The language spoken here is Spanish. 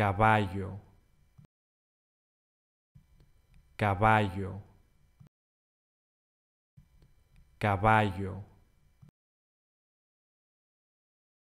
caballo, caballo, caballo.